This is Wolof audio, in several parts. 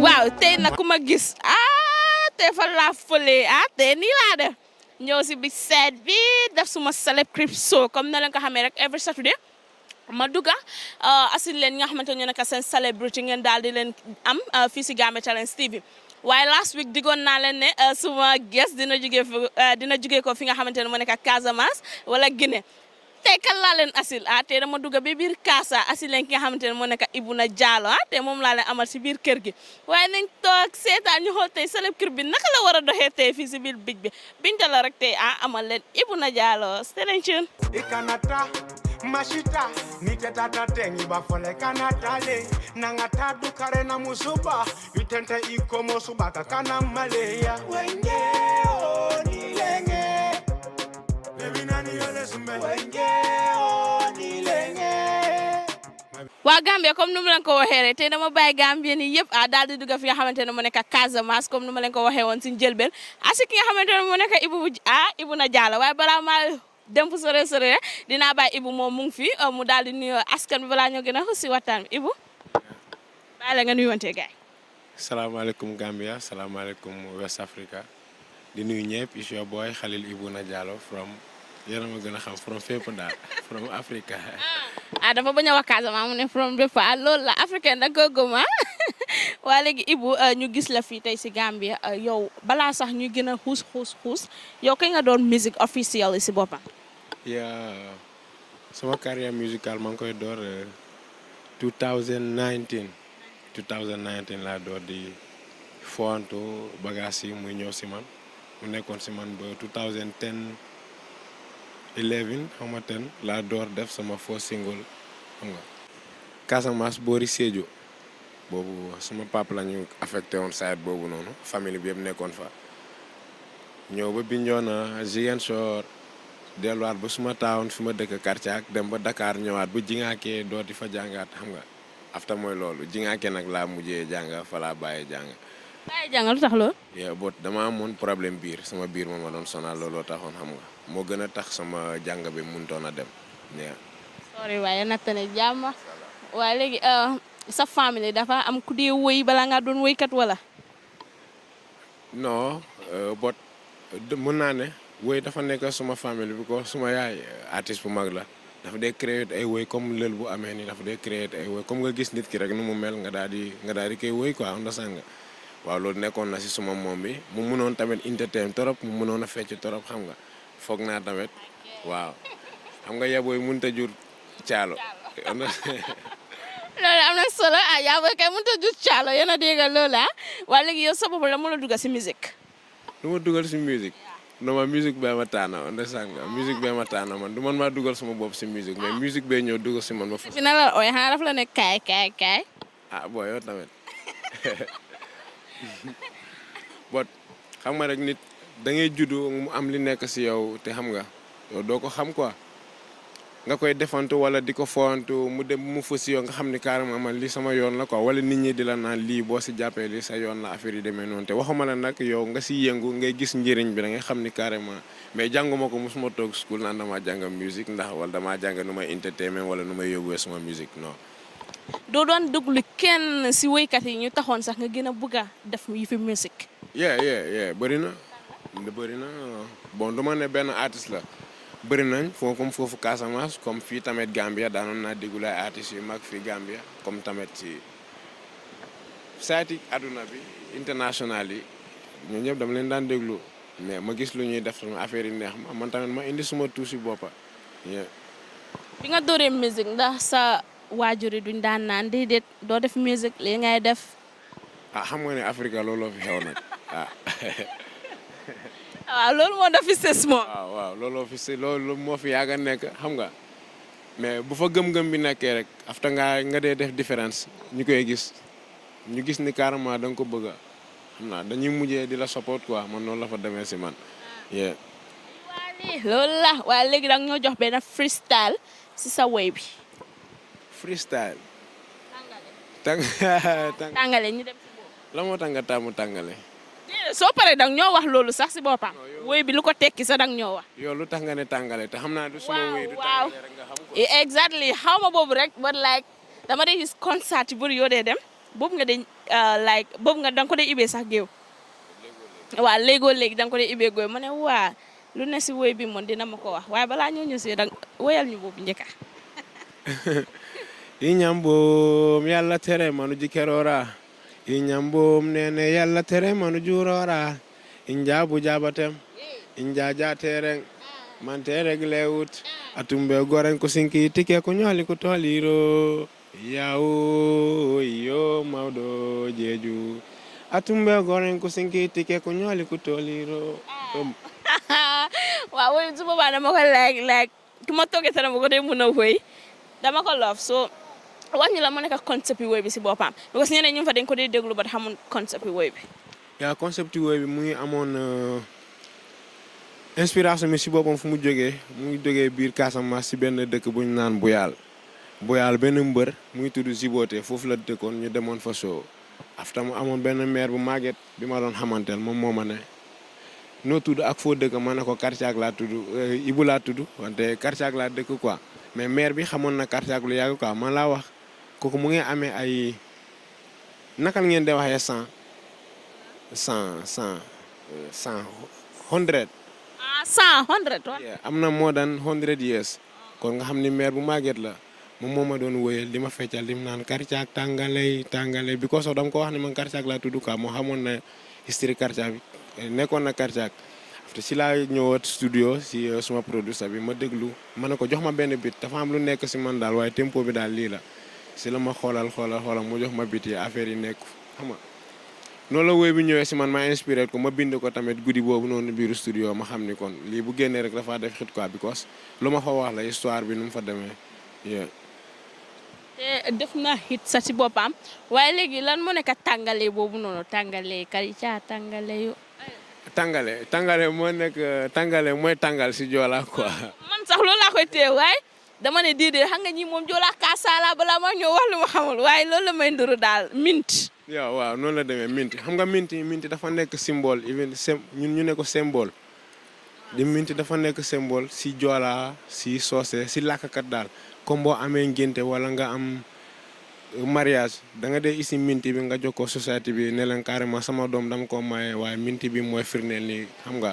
waaw te nag ku ma gis ah tey fa laa fëlee ah tey nii laa si bi seet bi def suma Celeb Cripso comme na leen ko xamee rek every Saturday ma dugga ah, asin leen nga xamanta ñu nekk seen celebrity ngeen daal di leen am ah, fii si Gambian Talents TV waaye last week digoon naa leen ne ah, suma guest dina jugee dina jugee ko fi nga xamante ne mu nekk Casamance wala Guinée tey kan laa leen asil a ah, te dama dugg be bir kaasa asil len ki nga xamantene mo nek Ibuna jalo a ah, te mom la len amal ci bir keur gi way nañ tok setan ñu xol tay celeb keur bi naka la wara doxé te fi ci si bij bi biñ dala rek te a ah, amal len Ibuna jalo stelen cin ikanata e mashita ni nitetatati bafole kanatale nangata dukare na musuba itente ikomo subaka kana ya. wenge o oh, ni lenge Wa Gambia ah, comme nu ma leen ko waxee rek té dama bay Gambien ni yépp a dal di dugg fi nga xamante mo nek nekk Casamance comme nous ma leen ko waxee woon suñu djelbel asi ah, ki nga xamante mo nek Ibou ah, na diala way bala ma dem fu sore sore dina bay Ibou mo mu ngi fi mu dal di nuyo askan bi balaa ñoo gën xusi watan Ibou la nga gay assalamu alaykum Gambia alaykum West Africa di nuyu ñëpp it's your boy Khalil Ibou na Diallo from yéen a ma xam from fépp daal from Africa. ah dafa bañ a wax mu ne from bépp ah loolu la africain da nga ko gëm ah waa léegi ibu ñu gis la fii tey si Gambia eh, yow balaa sax ñu gën a xuus xuus xuus yow kay nga doon musique officiel si boppam. yaa sama carrière musicale maa koy door eh, 2019 2019 laa door di fowantu bagage yi muy ñëw si man mu nekkoon si man ba 2010. eleven xama laa door def sama first single xam nga Casamance boori Sédhiou boobu suma papa la ñu affecté woon side boobu noonu famille bi yëpp nekkoon fa ñëw ba Bignona Ziguinchor delluwaat ba suma taawoon fi ma dëkk quartier dem ba dakaar ñëwaat ba jingaakee dooti fa jàngaat xam nga afta mooy loolu jingaakee nag laa mujjee jàng fa laa bàyyee jàng. bàyyee jàng lu tax lool. dama amoon problème biir sama biir moom ma doon sonal looloo taxoon xam nga. mo gëna tax sama jang bi mënutoon a dem. sorry waaye natta jamm wa legi euh sa family dafa am ku di woy bala nga doon kat wala. non euh, bot mën na né woy dafa nek sama family bi ko sama yaay euh, artiste bu mag la dafa dé créer ay woy comme leul bu amé ni dafa dé créer ay woy comme nga gis nit ki rek nu mu mel nga daal di nga daal di koy woy quoi understand sang waaw loolu nekkon na ci suma mom bi mu mënon tamit entertain torop mu mënon a fecc torop xam nga foog naa nawet waaw xam nga yaboy munta jur caalo. loolu am na solo ah yaboy kay munta jur caalo yéen a dégg loolu ah waaye léegi yow sababu la moo la dugal si musique. lu ma dugal si musique non ma musique bee ma taana on est sang musique bee ma taana man du man maa dugal sama bopp si musique mais ah. musique bee ñëw dugal si man ma. fi na la ooy oh, xanaa daf la ne kaay kaay kaay. ah boo yow tamit bot xam nga rek nit. da ngay juddu mu am li nekk si yow te xam nga doo ko xam quoi nga koy defantu wala di ko fowantu mu dem mu fa si yow nga xam ni carrément man lii sama yoon la quoi wala nit ñi di la naan lii boo si jàppee lii sa yoon affaire yi demee noonu te waxuma la nag yow nga si yëngu ngay gis njëriñ bi da ngay xam ni carrément mais jànguma ko mosuma toog school naan damaa jàng musique ndax wala damaa jàng nu may entertainment wala nu may yóbbuwee sama musique non. doo doon déglu kenn si woykat yi ñu taxoon sax nga gën a bëgg a def yu fi musique. yeah yeah yeah na. da bari na bon du ne ben artiste la bari nañ fofu fofu Casamance comme fi tamet Gambia da non na degula artiste yu mag fi Gambia comme tamet ci saati aduna bi internationally ñu ñep ñëpp dama leen daan deglu mais ma gis lu ñuy def sama affaire yi neex ma man tamit ma indi suma tuusi bopa bi nga doore musique ndax sa wajuri duñ daan naan de do def musique li ngay def ah xam nga ne africa lolo fi xew nak ah waaw ah, loolu moo def fi sës moom. waaw waaw fi si loolu moo fi yàgg a nekk xam nga mais bu fa gëm-gëm bi nekkee rek afta nga nga dee def différence ñu koy gis ñu gis ni carrément da nga ko bëgg a xam naa dañuy mujjee di la support quoi man noonu la fa demee si man. Ah. loolu la waaye léegi da ñoo jox benn freestyle si sa bi. freestyle. tàngale tàngale ñu dem si boobu. la moo tax nga tàngale. soo paree dang ñoo wax loolu sax si boppam. woy bi lu ko tekki sax dang ñoo wax. yow lu tax nga ne tàngale te xam naa du soo woy du eh, exactly xaw ma boobu rek but like dama dee gis concert yu bëri dee dem boobu nga de uh, like boobu nga da ko dee ibee sax géew. waaw léegoo léegi da ko dee ibee gooy ma ne waa lu ne si woy bi dina ma ko wax waaye balaa ñoo ñëw si dang woyal ñu boobu njëkka i ñam boom yàlla tere manu jikeroora inyam boom nene yalla tere manu juroora inja bu jabatem inja ja tere man tere glewut atumbe goren ko sinki tike ko nyali ko toliro yawo yo mawdo jeju atumbe goren ko sinki tike ko nyali ko toliro wa wo zuba bana mo like like kuma toge tan mo ko dem no way dama ko love so wàññi la mu nekk concept woy bi si bopam because ñeneen ñu fa dañ ko dee déglu ba xamul concept woy bi. yaa concept woy bi mu ngi eh, inspiration mi si bopam fu mu jógee muy ngi jógee biir Casamance si ben dëkk bu ñu naan buyal Boyal benn mbër mu ngi tudd Zibote la dëkkoon ñu demoon fa so afta mu amone ben maire bu maget bi ma doon xamantel mom moma ne no tuddu ak fo dëkk ma ko quartier ak laa tudd eh, Ibu la tuddu wante quartier ak laa dëkk quoi mais maire bi xamone na quartier ak lu yag quoi man la wax. kooku mu ngi amee ay nakal ngeen di waxee cent cent cent cent hundred. Ah, am na moo daan hundred years kon nga xam ni maire bu màgget la moom moo ma doon wóyal di ma feccal di mu naan karcaag tàngalay tàngalay bi ko so dama ko wax ne man karcaag laa tudd kaa moo xamoon na history karcaag bi nekkoon na karcaag te si laa ñëwaat studio si uh, suma producteur bi ma déglu ma ne ko jox ma benn bit dafa am lu nekk si man daal waaye tempo bi daal lii la. si la ma xoolal xoolal xoolal mu jox ma biti affaire yi nekk xam nga noonu la woy bi ñëwee si man ma inspiré ko ma bind ko tamit guddi boobu noonu biiru studio ma xam ni kon lii bu génnee rek dafa def xit quoi because lu ma fa wax la histoire bi nu mu fa demee yeah. te def na hit sax si boppam waaye léegi lan moo nekk tàngale boobu noonu tàngale Karija tàngale yu. tàngale tàngale moo nekk tàngale mooy tàngal si joola quoi. man sax loolu laa dama ne déedéet xam nga ñi moom joolaa kaasaala balaa ma ñëw wax lu ma xamul waaye loolu la may nduru daal mint. waaw waaw noonu la demee mint xam nga mint mint dafa nekk symbole even ñun ñu ne ko symbole. di mint dafa nekk symbole si joolaa si soose si làkkat daal comme boo amee ngénte wala nga am. Euh, mariage danga nga dee isi minti bi nga ko société bi ne leen carrément sama doom dama ko maye waaye minti bi mooy firndeel nii xam nga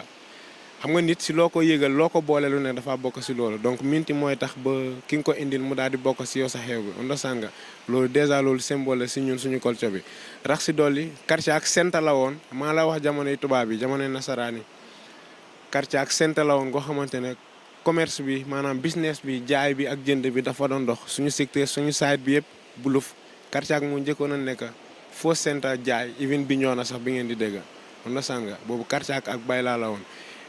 xam nga nit si loo ko yégal loo ko boole lu ne dafa bokk si loolu donc minti mooy tax ba ki nga ko indi mu daal di bokk si yow sa xew bi understand nga loolu dèjà loolu symbole la si ñun suñu culture bi rax si dolli quartier ak senta la woon maa la wax jamonoy tubaab yi jamonoy nasaraani quartier ak senta la woon goo xamante ne commerce bi maanaam business bi jaay bi ak jënd bi dafa doon dox suñu secteur suñu side bi yëpp buluf quartier ak mu njëkkoon a nekk foo senta jaay even bi ñoo na sax bi ngeen di dégg understand nga boobu quartier ak ak bay woon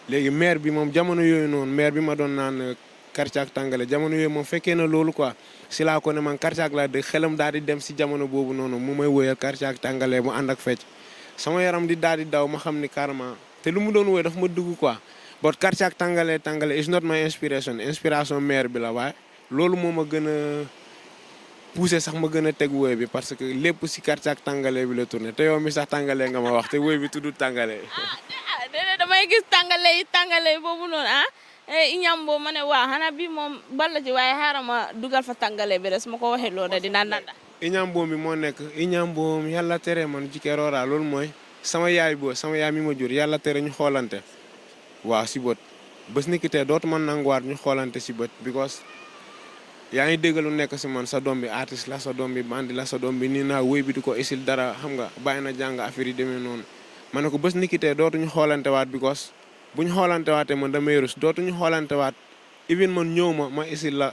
léegi maire bi moom jamono yooyu noonu maire bi ma doon naan euh, karcaak tàngale jamono yooyu moom fekkee na loolu quoi si laa ko ne man karcaak laa dëkk xelam daal di dem si jamono boobu noonu mu may woyal karcaak tàngalee mu ànd ak fecc sama yaram di daal di daw ma xam ni carrément te lu mu doon woy dafa ma dugg quoi but karcaak tàngale tàngale is not my inspiration inspiration maire bi la waaye loolu moom ma gën a pousser sax ma gëna tégg wëy bi parce que lépp si quartier ak tangalé bi la tourner te yow mi sax tangalé nga ma wax té wëy bi tuddu tangalé ah déedéet ah, damay gis tangalé yi tangalé bobu non noonu ah eh, ñam boobu ma ne waa xanaa bii moom ci waaye xaaral duggal dugal fa tangalé bi mako waxé lo ko dina nanda iñam bo mi mo bi iñam bo mi yalla téré man ci keroora lool moy sama yaay bo sama yaay mi ma jur yalla téré ñu xolanté wa si bot bés nikité ki tey ñu xolanté si bot because yaa ngi dégg nekk si man sa doom bi artiste la sa doom bi bandi la sa doom bi nii naa wéy bi di ko isil dara xam nga bàyyi na jàng affaire demee noonu ma ne ko bés ni ki tey dootuñu xoolante waat because buñ xoolante waatee man damay rus dootuñu xoolante waat even man ñëw ma ma isil la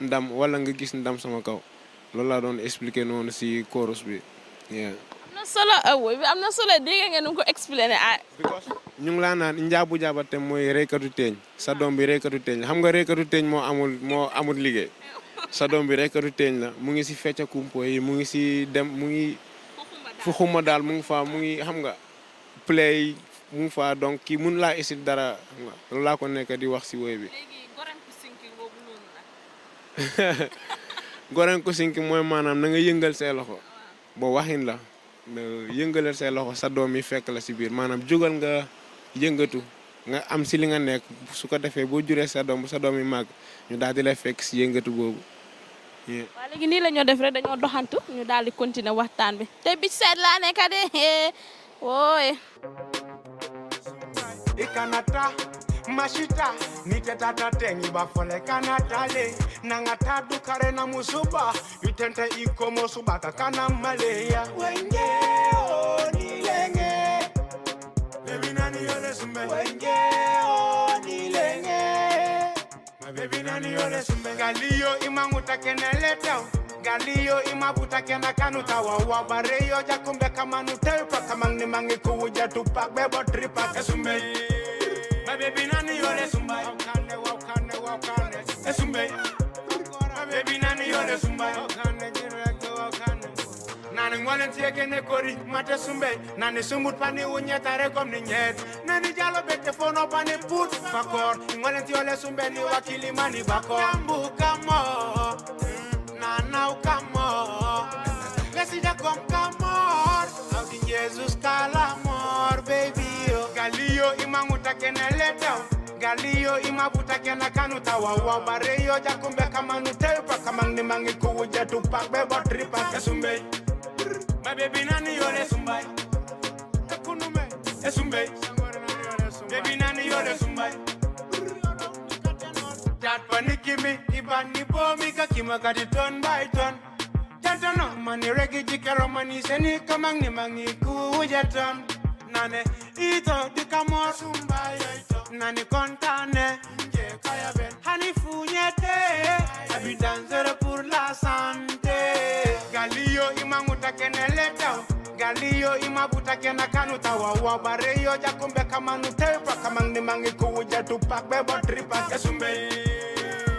ndam wala nga gis ndam sama kaw loolu laa doon expliquer noonu si koros bi na solo eh, awoy am na solo dégg ko expliqué ah. ñu ngi laa naan njaabu jaabate mooy reykatu amul moo amul liggéey sa doom bi reykatu teeñ la mu ngi fecca kumpo yi mu ngi si dem mu ngi fu xuma mu ngi mu ngi xam nga play mu ngi faa donc kii mun dara xam nga ko nekk di wax si woy bi goren ko sinki mooy maanaam na nga yëngal see loxo ah. bo waxin la yëngalal say loxo sa doom yi fekk la ci biir maanaam jugal nga yëngatu nga am si li nga nekk su ko defee boo juree sa doom sa doom yi màgg ñu daal di lay fekk si yëngatu boobu. waaw léegi nii la ñoo def rek dañoo doxantu ñu daal di continuer waxtaan bi. te bi seet laa nekk de eh, mashita nitetatatengi bafolekana tale nang'atadukare kare na musuba itente ikomosubaka kana maleya wengeonilenge bevinaniyolesumbe galiyo imang'utakeneleta ngaliyo imavutakena kanutawawa bareyo jakumbe kamanuteupa kamang'ni mang'ikuwuja tupak bebo tripak My baby nani yole sumba. Wakane wakane wakane. Esumbe. My baby nani yole sumba. Wakane kirekto wakane. Nani ngwale tieke ne kori mate sumbe. Nani sumbut pani unyeta rekom ni nyet. Nani jalo bete fono pani put fakor. Ngwale tiole sumbe ni wakili mani bakor. Kambu kamo. Nana ukamo. keneleta galiyo imabuta kena kanuta wawa bareyo jakumbe kamanute pa mangi kuja tupak bebo tripa mabebi nani yole sumbai ekunume esumbe bebi nani yole sumbai tatpanikimi ibanibomi kakima kati ton by ton jatono mani regi jikeromani seni kamangi mangi kuja ton nane ito dikamo sumba yoito nani kontane nje kaya ben hani funyete abi danzere pour la santé galio imanguta keneleta galio imabuta kena kanuta wawa bareyo jakumbe kama nutepa kama nimangi kuja tupak bebo tripa kesumbe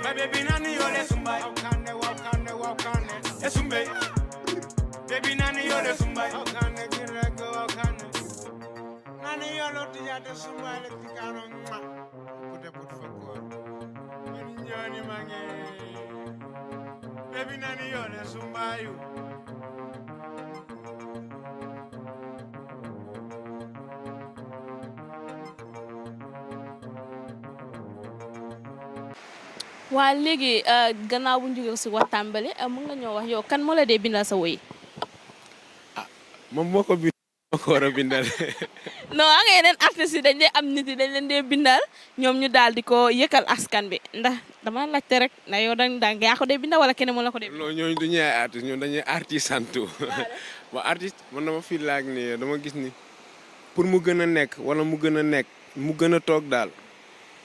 my baby nani yole sumba wakane wakane wakane esumbe baby nani yole sumba wakane kirego wakane Iya mane iya eh, ya. yo loddi yade si waxtaan nga kan mulai la dee bindal sa woy No, war a bindal. non yeneen artistes dañ lay am nit dañ leen bindal ñom ñu dal di ko kal askan bi ndax dama laajte rek na yow dañ daan yaa ko dee bindal wala kene mo la ko dee. non ñooñu du ñu ay artistes ñoom dañuy artisantu. waaw artiste man dama fi laag ni dama gis ni pour mu gëna nek wala mu gëna nek mu gëna tok dal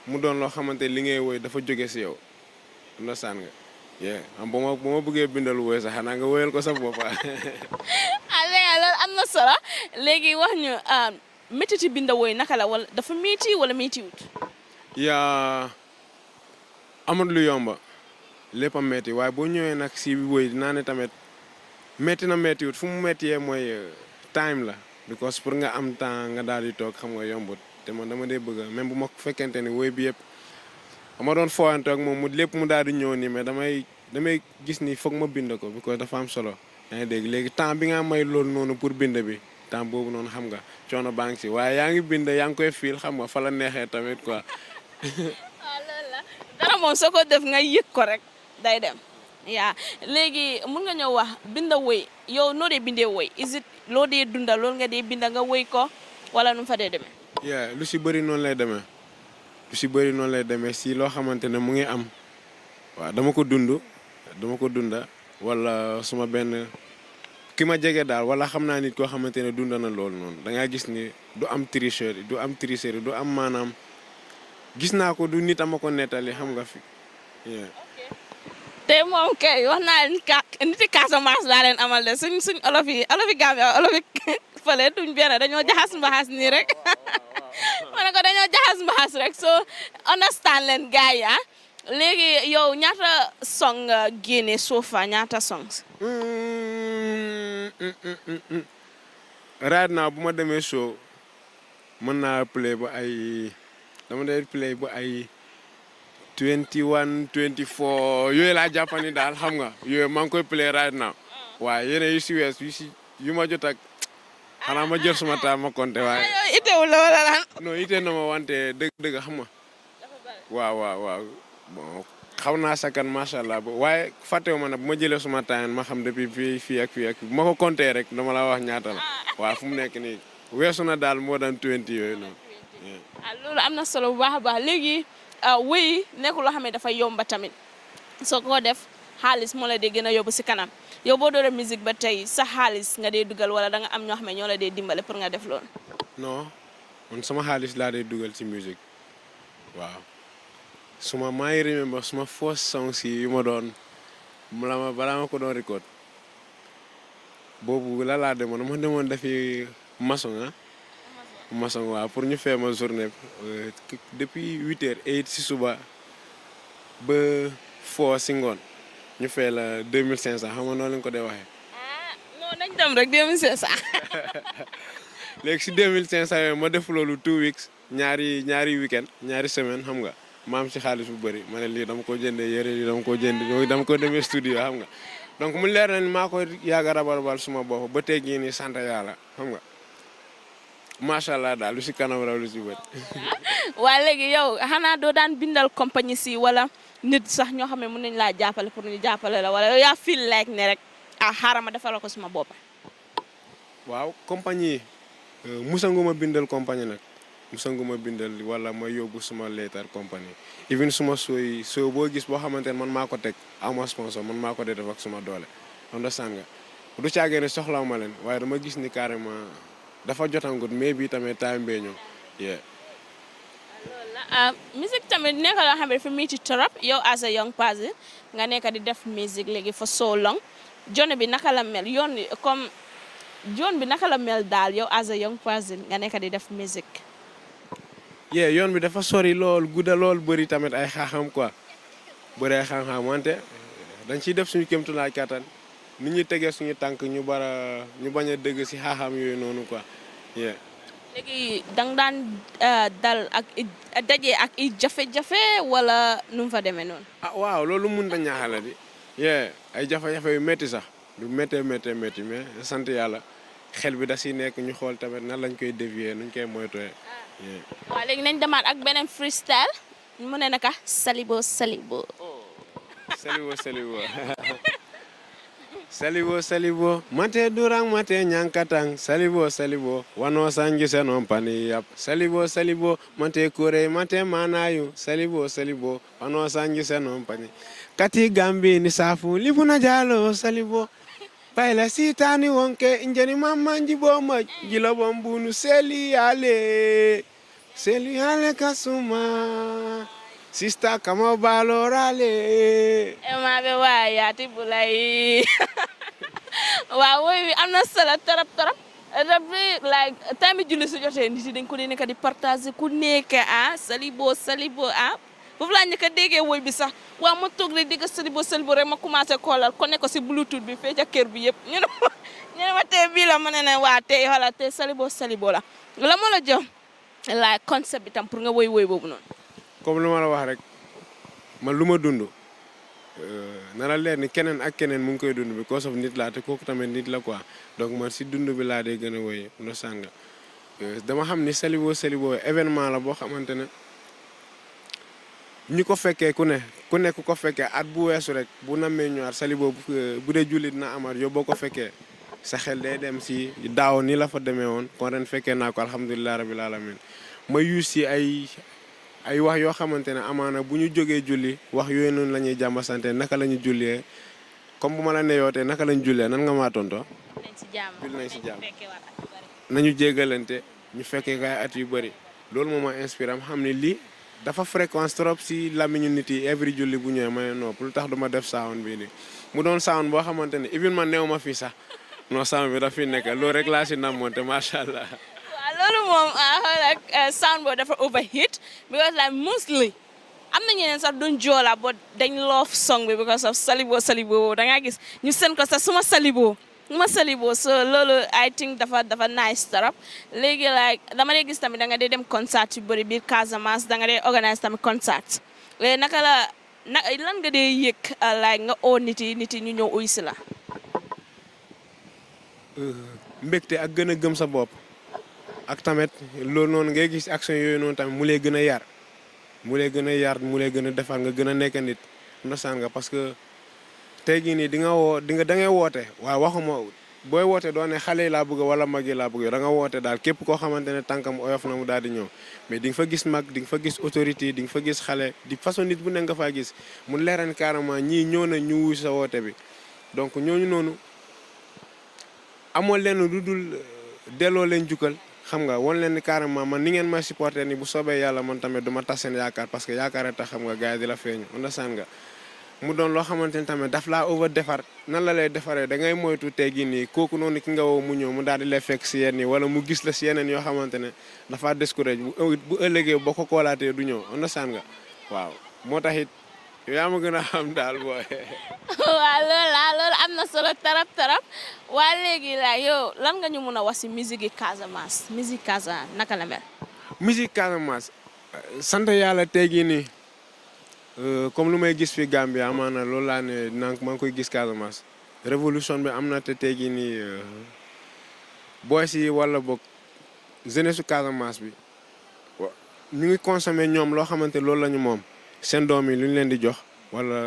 mu doon lo xamanté li ngay woy dafa joggé ci yow understand nga. ye am ah, ba ma bëggé ma bindal woy sax xanaa nga woyal ko sa ale am léegi wax ñu euh, métiti binda wooy naka la wala dafa métti wala méttiwut yaa amul lu yomba lépp a métti waaye boo ñëwee nag si woy dinaa ne tamit métti na méttiwut fu mu méttiyee mooy euh, time la because pour nga am temps nga daal di toog xam nga yombut te man dama dee bëgg même bu ma fekkente ni woy bi yëpp dama doon fooyante ak moom mu lépp mu daal di ñëw nii mais damay damay gis ni foog ma bind ko because dafa am solo yaa ngi léegi temps bi nga may loolu noonu pour bind bi temps boobu noonu xam nga coono baa si waaye yaa ngi bind yaa koy fiil xam nga fa la neexee tamit quoi. waaw ah, loolu nga yëg ko rek day dem. yaa léegi mun nga ñëw wax binda woy yow noo dee bindee woy is loo dee dunda loolu nga dee binda nga woy ko wala nu mu fa dee demee. lu si bëri noonu lay demee lu si bëri noonu lay demee si loo xamante ne mu ngi am waaw dama ko dund dama ko dunda wala suma benn ki ma jege daal wala xam naa nit koo xamante ne dund na lool noonu da gis ni du am tricheur du am tricheur du am maanaam gis naa ko du nit ama ko netali xam nga fi. te moom kay wax naa nit yi Casamance daa leen amal de suñ suñ olof yi olof yi Gambie olof yi fële dañoo jaxas mbaxas nii rek ma ne ko dañoo jaxas mbaxas rek soo understand leen gars yi ah. léegi yow ñaata song nga génne sofa ñaata songs. Mm, mm, mm, right bu ma demee show mën naa play ba ay dama dee play ba ay 21 24 yooyu laa jàppani daal xam nga yooyu maa ngi koy play right now waaye yeneen yu si wees yu si ma jot xanaa ma jël suma taa ma compté waaye. Ah, itewul la wala lan. non na ma wante dëgg xam nga. waaw waaw. bon xaw naa sakkan macha allah ba waaye fàttewu ma nag bu ma jëlee suma temps ma xam depuis fii fii ak fii ak bu ma ko compter rek dama la wax ñaata la waaw fu mu nekk nii weesu na daal moo daan 20 yooyu noonu. ah am na solo bu baax a baax léegi ah, wéy nekk loo xam ne dafa yomba tamit soo ko def xaalis moo la dee gën a yóbbu si kanam yow boo dooree musique ba tey sax xaalis nga dee dugal wala danga am ñoo xam ne ñoo la dee dimbale pour nga def loolu. non man sama xaalis laa dee dugal ci musique suma maa ngi suma first songs si yu ma doon ma balaa ma ko doon record boobu la laa demoon ma demoon defi maçon ah. waa pour ñu feema ma journée euh, depuis huit heures eight si suba ba four si ngoon ñu fee la deux mille cinq cent xam nga noonu lañu ko dee waxee. Ah, léegi si deux mille cinq cent ma def loolu two weeks ñaari ñaari weekend ñaari semaine xam nga. ma am si xaalis bu bëri ma ne lii dama ko jëndee yére lii dama ko jëndee dama ko demee studio xam nga donc mu leer na ni maa koy yàgg a rabalabal suma bopp ba tey jii nii sant yàlla xam nga macha allah daal lu si kanam raw lu si bëri. waa léegi yow xanaa doo daan bindal compagnie si wala nit sax ñoo xam ne mën nañu laa jàppale pour ñu jàppale la wala yow yaa fii like ne rek ah xaaral ma defal ko suma bopp. waaw compagnie yi euh, musanguma bindal compagnie nag. sanguma bindal wala ma yóbbu suma leetar compagnie even suma sooy soo boo gis boo xamante ne man maa ko teg ama sponsor man maa ko dee def ak ma leen waaye dama gis ni carrément dafa jotangut mais bi tamit time bee ah, xam a young person nga nekk di def musique léegi for so long bi naka la mel bi naka la mel daal yow as a young person nga nekk di def musique yeah yon bi dafa sori lol gudda lol beuri tamit ay xaxam quoi bëri ay xaaxam wante dañ ci def suñu la katan nit ñi tege suñu tank ñu bara ñu baña deug ci xaxam yoy nonu quoi yeah dang dan euh, dal ak dajé ak i jafe-jafe wala nu fa démé non ah waaw lolou mun ta ñaaxala bi yeah ay jafe-jafe yu metti sax du metté metté metti mais sante yalla xel bi da ci nek ñu xol tamit nan lañ koy dévier nuñ koy moytoé ah. waaw léegi nañ demaat ak beneen freestyle mu ne naka salibo salibo oh. salibo salibo salibo salibo mate durang mate nyankatang salibo salibo wano sangi senon pani yap salibo salibo mate kure mate manayu salibo salibo wano sangi senon pani kati gambi ni safu na jalo salibo Paila sitani wonke njeni mama njiboma jila bombunu seli yale seli yale kasuma sista kama balorale ema be waya tibulai waaw wooy wi am na solo torop torop dabi like tamit julli su jotee nit yi dañ ko dee di partager ku nekk ah Salibo Salibo ah. foofu laa njëkk a déggee woy bi sax waaw ma toog rek dégg sëli bo sëli bo rek ma commencé koolal kone ko si bluetooth bi fee ca kër bi yëpp ñu ne ma ñu ne ma tey bii la ma ne ne waa tey xoola tey sëli bo la la ma la jox la pour nga woy woy boobu noonu comme ma la wax rek man lu ma dund euh, nara leer ni keneen ak keneen mu ngi koy dund bi koosof nit laa te kooku tamit nit la ko donc man si dund bi laa dee gën a woy no sànga euh, dama xam ni Salibo Salibo événement la boo xamante ne ñi ko fekkee ku ne ku nekk ko fekkee at bu weesu rek bu nammee ñëwaat sali boobu bu dee jullit na amaat yow boo ko fekkee sa xel day dem si daaw ni la demee woon kon ren fekkee naa ko alhamdulilah rabil alamin ma yuus si ay ay wax yoo xamante ne amaana bu ñu jógee julli wax yooyu noonu la ñuy jàmba sante naka la ñu jullee comme bu ma la neyoo tey naka la ñu nan nga maa tontoo julli nañ si jàmm nañu jéggalante ñu fekkee kay at yu bëri loolu moo ma inspiré xam dafa fréquence trop si làmmiñu nit yi every julli bu ñëwee ma ne lu tax duma def sound bii nii mu doon sound boo xamante ne even man néew ma fii sax non sound bi dafa fi nekk loolu rek laa si namoon te macha allah. waaw ah, eh, dafa overheat because like mostly am na ñeneen sax duñ joola bo dañ love song bi because of salibo salibo da ngaa gis ñu seen ko sax suma salibo. Masalibo so loolu I think dafa dafa nice trop léegi like dama dee gis tamit danga nga dee dem concert yu bëri biir Casamance da nga dee organise tamit concert léegi eh, naka la na lan nga dee yëg uh, like nga oo nit yi nit yi ñu ñëw uy la euh, mbégte ak gën a gëm sa bopp ak tamit loolu noonu ngay gis action yooyu noonu tamit mu lee gën a yar mu lay gën a yar mu lay gën a defar nga gën a nekk nit nasaan nga parce que tey jii nii di nga woo di nga da woote waaye waxuma booy woote doo xale yi laa bugg wala mag yi laa bëgg da nga woote daal képp koo xamante ne tànkam oyof na mu daal di ñëw mais dinga fa gis mag di nga fa gis autorité dinga fa gis xale di façon nit bu ne nga faa gis mu leeral carrément ñii ñëw na ñu wuy sa woote bi donc ñooñu noonu amoo leen lu dul euh, delloo leen jukkal xam nga wan leen ni carrément man ni ngeen ma supporté ni bu soobee yàlla man tamit du tas seen yaakaar parce que yaakaar a tax xam nga gars yi di la feeñu understand nga mu doon loo xamante ni tamit daf la over defar nan la lay defaree da ngay moytu tey jii nii kooku noonu ki nga woo mu ñëw mu daal di lay fekk si yenn yi wala mu gis la si yeneen yoo xamante ne dafa discourage bu bu ëllëgee boo ko koolaatee du ñëw understand nga waaw moo tax it yaa ma gën a xam daal booy. waaw loolu am na solo tarap tarap waa léegi la yow lan nga ñu mun a wax si musique yi Casamance musique Casa naka la mel. musique Casamance eh, sant yàlla tey jii nii Euh, comme lu may gis fi Gambia amaana loolu laa ne dinaa maa ngi koy gis Casamance révolution bi am na te tey jii nii euh, boy si wala boog jeunesse su Casamance bi ñu ngi consommer ñoom loo xamante loolu la ñu moom seen doom yi lu ñu leen di jox wala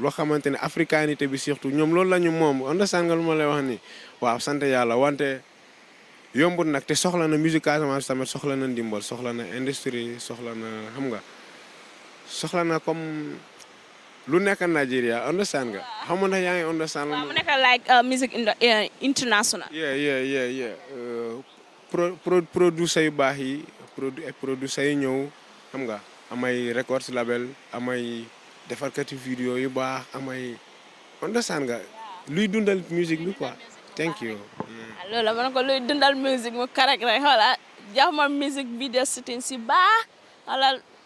loo xamante ne africanité bi surtout ñoom loolu la ñu moom understand nga lu ma lay wax nii waaw sant yàlla wante yombut nag te soxla na musique Casamance bi tamit soxla na ndimbal soxla na industrie soxla na xam nga. soxla na comme lu nekk Nigeria understand nga xam nga yaa ngi understand. waaw uh, music uh, international. yeah yeah yeah yeah uh, pro baax yi produit ay ñëw xam nga amay records label amay defarkati vidéo yu baax amay understand nga luy dundal musique bi quoi thank you. Ah, ne ko luy dundal musique mu correct rek xoolal jox ma musique video sitting si baax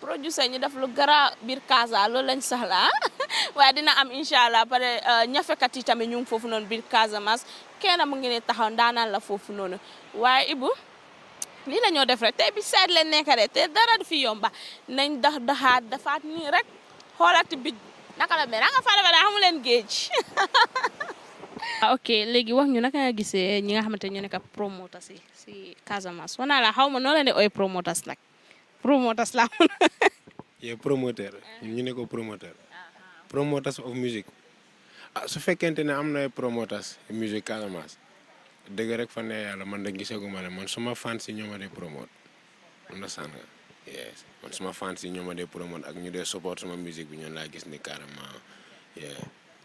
producer ñu def lu gara biir Casa loolu lañ soxla waaye dina am incha allah pare euh, ñafekat yi tamit ñu ngi foofu noonu biir Casamance kenn mu ngi taxaw ndaanaan la foofu noonu waaye Ibu lii la ñoo def rek tey bi seet leen nekk rek te dara fi yomba nañ dax doxaat dafaat nii rek xoolati bi naka la mel nga faral ba xamu leen géej. Ah, ok léegi wax ñu naka nga gisee ñi nga xamante ne ñu nekk promoters si si Casamance wanaa la xaw ma noo leen di ooy promoters promoters laa mun. yow promoteur ñu ne ko promoteur. promoters of music. ah su fekkente ne am na ay promoters musique Casamance dëgg rek fa ne yàlla man da gisaguma ne man suma fan si ñoom a dee promote understand nga man suma fan si ñoom a dee promote ak ñu dee support suma musique bi ñun laa gis ni carrément yeah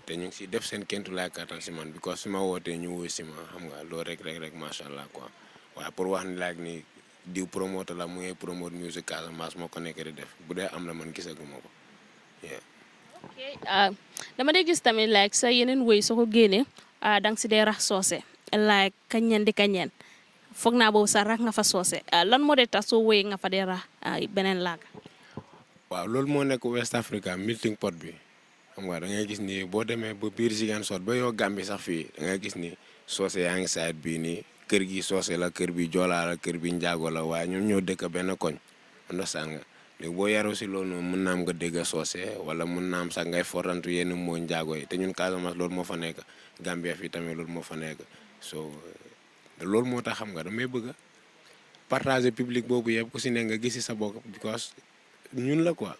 te ñu ngi si def seen kentu laay kattan si man because su ma wootee ñu wuy si ma xam nga loolu rek rek rek macha allah quoi waaye pour wax ni laag ni diw promoteur la mu ngay promote musique Casamance moo ko nekk di def bu dee am la man gisaguma ko ok ah, dama dee gis tamit like sa yeneen woy soo ko génnee ah, da nga si dee rax soose like kañeen di kañeen foog naa boobu sax rax nga fa soose ah, lan moo dee tax soo woyee nga fa dee rax beneen laaga waaw loolu moo nekk West Africa melting pot bi xam nga da gis ni boo demee ba biir Ziguinchor ba yoo Gambie sax fii da ngay gis ni soose yaa ngi saayit bii nii kër gi soose la kër bi joolaa la kër bi njaago la waaye ñoom ñoo dëkk benn koñ understand nga léegi boo yaroo si loolu noonu naam nga dégg soose wala mun naam sax ngay fortantu yenn mooy njaago yi te ñun Casamance loolu moo fa nekk Gambia fii tamit loolu moo fa nekk so eh, loolu moo tax xam nga damay bëgg partage partager public boobu yëpp ku si ne nga gis si sa bopp because ñun la quoi.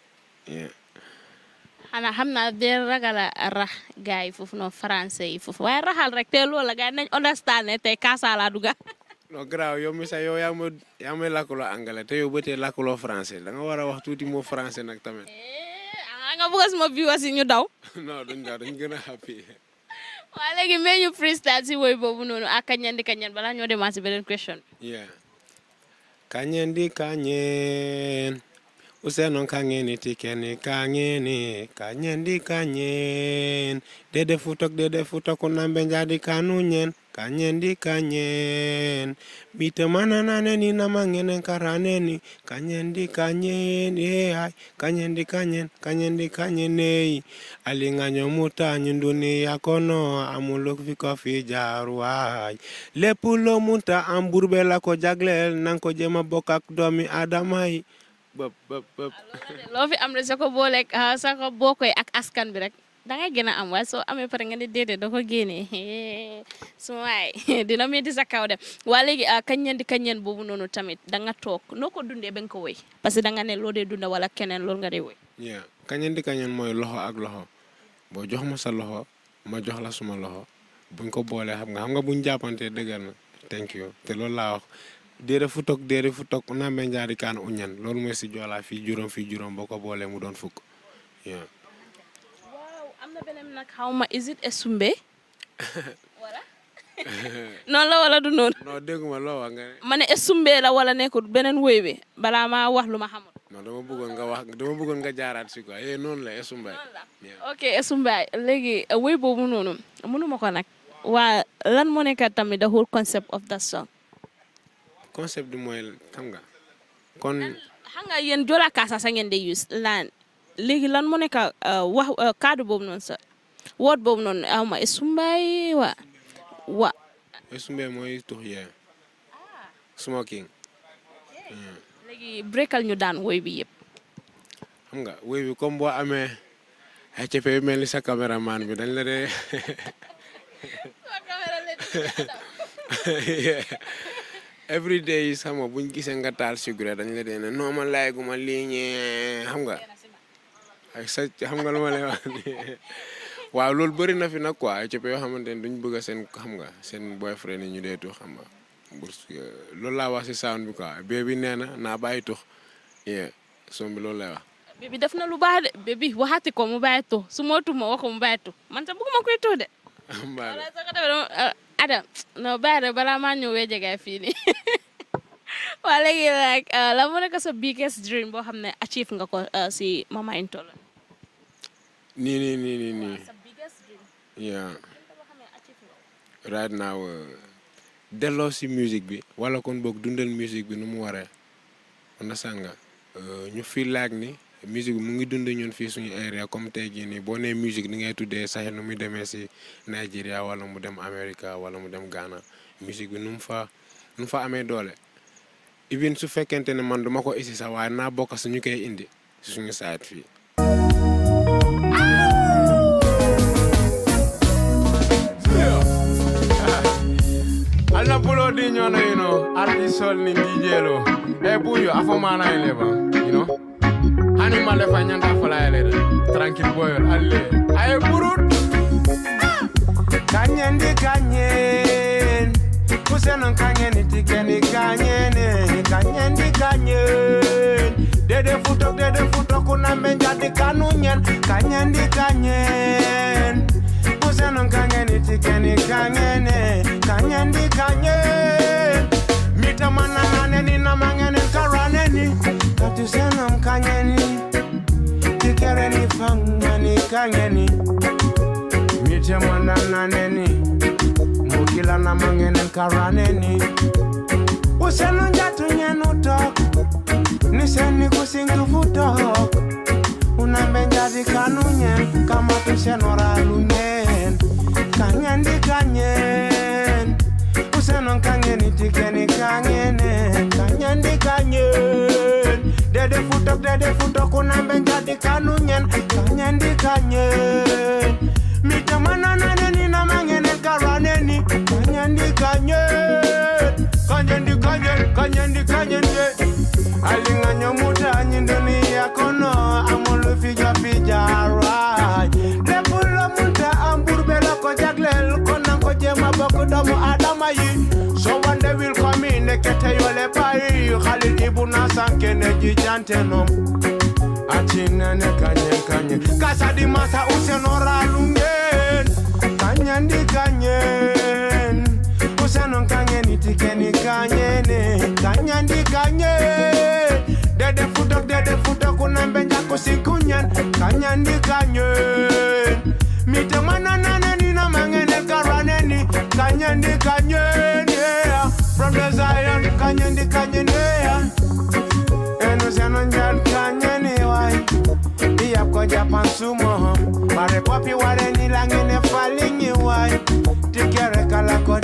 ana xamna naa dee ragal a rax gars yi français fofu way rahal rek te la nañ understand e te tey kaasa duga no graw yo mi sa ya mo ya mo yo ko anglais te yo ba la ko français da nga wara wax touti mo français nak tamen eh nga mo ñu daw No, duñ daw duñ gëna happy wa legi mais ñu freestyle si way bobu nonu ak kañeen di kañeen bala ñoo demaat benen question yeah kañeen di useno kang'eni tikeni kang'eni kanyen di kanyen dede futok dede futok unambenjadi kanunyen kanyen di kanyen mite mana naneni namang'ene karaneni kanyen di kanyen a kanyen di kanyen kanyen di kanyen ei aling'anyo mutany ndunia kono amulok vikofi jarwai lepulo muta amburbelako jagle nankoje mabokak domi adamai bëp bëp bëp ah, loo fi am rek sa ko boo ah, koy ak askan bi rek da gën a am waaye soo amee pare nga ne déedéet doo ko génnee su waay dina metti sa kaw dem waa léegi ah, kañ ñeen di kañ boobu noonu tamit da nga toog noo ko dundee ba nga ko woy parce que da nga ne loo dee dunda wala keneen nga dee woy yeah kañ di kañ ñeen mooy loxo ak loxo boo jox ma sa loxo ma jox la suma loxo buñ ko boolee xam nga xam nga buñ jàppantee dëggal na thank you te loolu laa wax déere fu toog déere fu toog una me njaari uñan loolu mooy si joolaa fii juróom fii juróom boo ko boolee doon fukk waaw am na beneen nag xaw ma is it esumbe la wala du noonu non dégguma ma ne esumbe la wala nekkul beneen wóy bi balaa maa wax lu ma xamul non dama bëggoon nga wax dama bëggoon nga jaaraat si quoi eh noonu la esumbaay ok esumbaay léegi wóy boobu noonu mënuma ko nag waa lan moo nekk tamit the whole concept of that song concept bi mooy xam nga kon. xam nga yéen Kaasa sa ngeen di use lan léegi lan moo nekk euh, wax kaddu euh, boobu noonu sa woot boobu noonu aw ma esumbay wa wa. esumbay mooy tux yee ah. smoking. Hmm. léegi breakal ñu daan woy bi yëpp. xam nga woy boo amee yu mel ni sa caméraman bi dañ every day xam nga buñ gisee nga taal cigarette dañ la dee ne non man laay guma lii xam nga ak sa xam nga lu ma lay wax waaw loolu bëri na fi nag quoi ci yoo xamante ne duñ bëgg seen xam nga seen ñu dee tux xam nga loolu laa wax si sound nee na naa bàyyi tux yeah sombi loolu lay wax. bébi def na lu baax de bébi waxati ko mu bàyyi tux su ma tux ma wax ko mu bàyyi tux man sax bëgguma tux de. Adam non bàyyi rek balaa maa ñëwee jege fii nii waa léegi nag mu nekk sa biggest dream boo xam ne achieve nga ko uh, si Mama in Tola. nii nii nii nii nii. yeah. right now uh, delloo si musique bi wala kon boog dundal musique bi nu mu waree understand nga uh, ñu feel like ni. bi mu ngi dund ñun fii suñu area comme tey jii nii boo nee musique ni ngay tuddee sax nu muy demee si Nigeria wala mu dem America wala mu dem gaana musique bi nu mu fa nu fa amee doole. even su fekkente ne man duma ko isi sax waaye naa bokk suñu koy indi si suñu saat fii. Alla pulodi ñono yino artisol ni dijeelo e eh, buyo afo mana ileba animale fa nyanda fulayele tranquille boy, alle ay burut kanyen di kanyen kusenon kanyen itikeni kanyene eh. kanyen di kanyen dede futok dede futok kuna menjadi kanunyen kanyen di kanyen kusenon kanyen itikeni kanyene eh. kanyen di kanyen mitamanananeni namangenen karaneni katusenam kanyeni changeni mithe manananeni mukila na mangene karaneni usenu njatu nyenu tok niseni kusingivutok unambe njadi kanunyen kama tusenoralunen kangendi kanyen usenon kangeni tikeni kangenen kanyendi kanyen dede futok dede futok kunambe jadi kanunyen kanyen di kanyen mitamana nane ni namangene karane ni kanyen di kanyen kanyen di kanyen kanyen di kanyen ye alinga muta nyinde kene jichantenom ne kanye kanye kasadi masa kanye ni tike ni kanye ne kanye kanyandi kanye dede futok dede futok unembenjako sikunyen kanyandi kanyen na mangene karaneni kanyandi kanyen yeah. from the zion kanyandi Kanye, yeah. Japan sumo Mare popi ware nilang ine falingi wai Tikere kalakori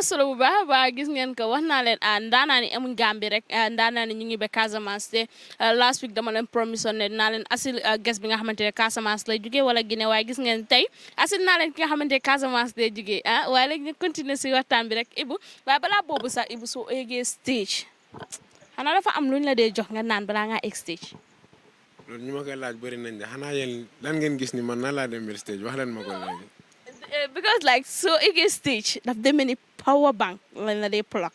na solo bu baax ba gis ngeen ko wax naa leen ah, ndaanaa ni amuñ Gàmbi rek ah, ndaanaa ni ñu ngi ba Casamance ah, last week dama leen promisoon ne naa leen asil bi nga xamante ne Casamance lay jugee wala Guinée waaye gis ngeen tey asil naa leen ki nga xamante ne Casamance lay jugee ah waaye léegi ñu continuer si waxtaan bi rek Ibu waaye balaa boobu sax Ibu soo eggee stage xanaa dafa am luñ la dee jox nga naan balaa nga egg stage. loolu ñu ma koy laaj bëri nañ de xanaa yéen lan ngeen gis ni man nan laa dem biir stage wax leen ma ko power bank lañ la dee plug.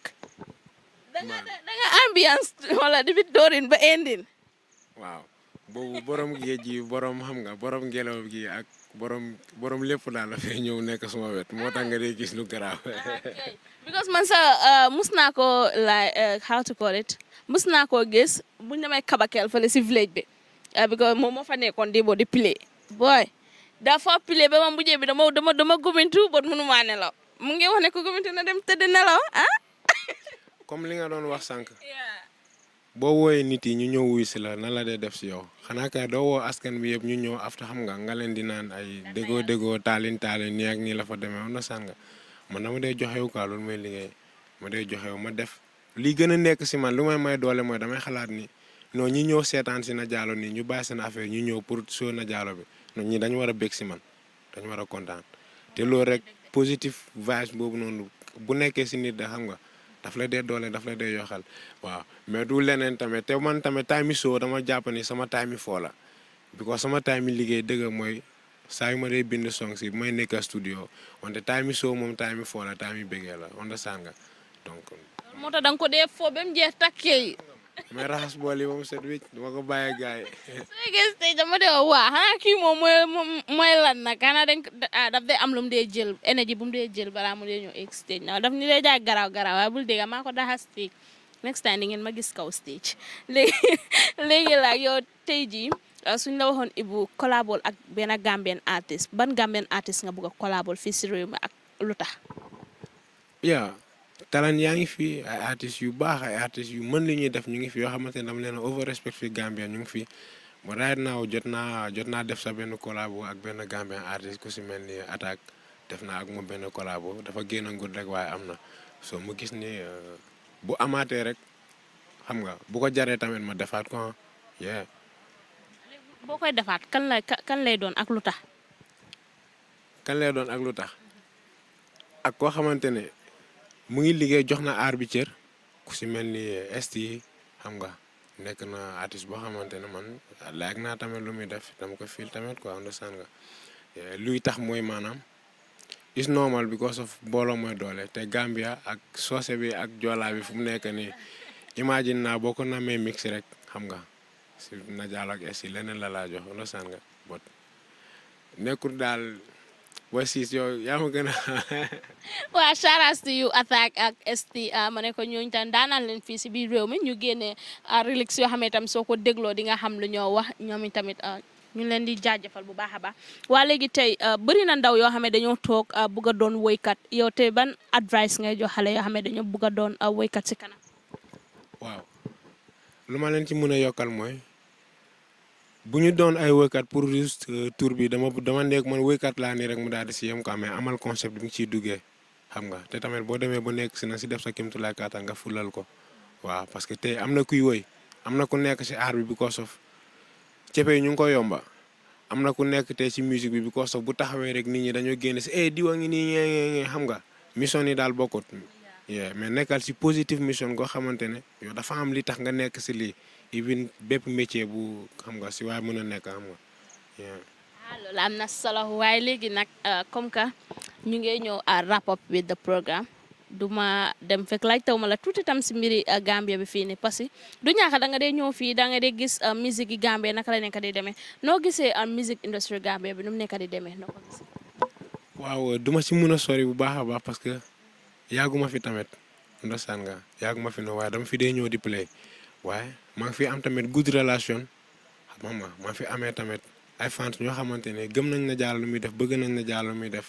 da ambiance wala di bit doorin ba endin. waaw boobu borom géej gi borom xam nga borom ngelaw gi ak borom borom lépp daal fee ñëw nekk suma wet moo tax nga dee gis lu garaaw. Ah, because man sa uh, mus naa koo la uh, how to call it mus naa koo gis bu ñu demee Kabakel si village bi ah, because moom fa nekkoon di boo di pile. boy dafa pile ba man bu bi dama dama dama gumintu bot mënumaa nelaw. mu ngi wax ne ku gëmante na dem tëdd nelaw ah. comme li nga doon wax sànq. boo wooyee nit yi ñu ñëw wuy si la nan la dee def si yow xanaa kay doo woo askan bi yëpp ñu ñëw afta xam nga nga leen di naan ay déggoo déggoo taalin taalin ak nii la fa demee woon na sànq man dama dee joxewu quoi loolu mooy liggéey ma dee joxewu ma def. lii gën a nekk si man lu may may doole mooy damay xalaat ni non ñu ñëw seetaan si na jaalo nii ñu bàyyi seen affaire ñu ñëw pour soo na jaalo bi ñi dañu war a bég si man dañu war a kontaan te loolu rek. positif vage boobu noonu bu nekkee si nit da xam nga daf la dee doole daf la dee yoxal waaw mais du leneen tamit te man tamit time yi soo dama jàpp ni sama time yi foo la because sama time yi liggéey dëgg mooy saa de ma dee bind song si may nekk studio wante time yi soo moom time yi foo la time yi bëggee la understand nga donc. moo tax ko dee foo ba mu jeex mais raxas bool yi moom set wécc duma ko bàyyi gaay soo gis tey dama de waa xanaa kii moom mooy lan nag xanaa dañ ah, daf day am lu mu dee jël énergie bu mu dee jël balaa mu de ñëw egg stage na daf ni dee jaay garaaw garaaw waaye bul dégg maa ko daxa stage next time di ngeen ma gis kaw stage léegi léegi laa yow tey ah, suñ la waxoon Ibu collabol ak benn gamben artiste ban Gambian artiste nga buga a collabol fii si réew mi ak lu tax yaa talent yaa ngi fi ay yu baax ay artistes yu mën li def ñu ngi fi yoo xamante ne dama leen over respect fi Gambia ñu ngi fi ba right now jot naa jot naa def sa benn collabo ak benn gambien artiste ku si mel ni attaque def naa ak moom benn collabo dafa génn ngut rek waaye am na mu gis ni euh, bu amaatee rek xam nga bu ko jaree tamit ma defaat ko yeah boo koy defaat kan lay kan lay doon ak lu kan lay doon ak lu tax ak koo xamante mu ngi liggéey jox na aar bi cër ku si mel ni esti xam nga nekk na artiste boo xamante ne man ak naa tamit lu muy def dama ko fil tamit ko quoi understand nga eh, luy tax mooy maanaam is normal because of mbooloo mooy doole te Gambia ak soose bi ak joolaa bi fu mu nekk nii imagine naa boo ko namee mix rek xam nga si na jaal ak est leneen la laa jox understand nga bot daal Westies yow yaa ma gën a. waa shout out to ak ST uh, ma ne ko ñooñu tam leen fii si biir réew mi ñu génnee uh, relix yoo xam ne tam soo ko dégloo di nga xam lu ñoo wax ñoom tamit uh, ñu leen di jaajëfal bu baax a baax waa léegi tey bëri na ndaw yoo xam ne dañoo toog bugg a doon woykat yow tey ban advice ngay jox xale yoo xam ne dañoo bugg a doon woykat si kanam. waaw lu ma leen ci mën a yokkal mooy. bu ñu doon ay woykat pour juste euh, tour bi dama dama nekk man woykat laa nii rek mu daal di si yem quoi mais amal concept bi nga ciy duggee xam nga te tamit boo demee ba nekk si na si def sa kéemtulaay kàttan nga fulal ko waaw parce que tey am na kuy woy am na ku nekk si aar bi bi ko sof cepe yi ñu ngi ko yomba am na ku nekk tey si musique bi bi ko sof bu taxawee rek nit ñi dañoo génn si eh diwa ngi nii ngeen xam nga mission yi daal bokkut. mais nekkal si positive mission goo xamante ne yow dafa am li tax nga nekk si lii. even bep métier bu xam nga si way mëna nek xam nga ah loolu solo way léegi nak euh, comme que ñu ngi ñëw à wrap up with the program. duma dem fek laaj taw la tuuti tam si mbiri euh, Gambia bi fi ni parce du ñaaka da nga dee ñëw fi da nga dee gis euh, musique Gambia naka la nekk di no gisé gisee musique industrie Gambia bi num mu nekk di démé no ko gis waaw duma ci mëna sori bu baaxa baax parce que yàgguma fi tamet ndossan nga yàgguma fi no way dama fi ñëw di play waaye. maa ngi fi am tamit good relation xam nga fi amee tamit ay fans ñoo xamante ne gëm nañ na Diallo muy def bëgg nañ na Diallo muy def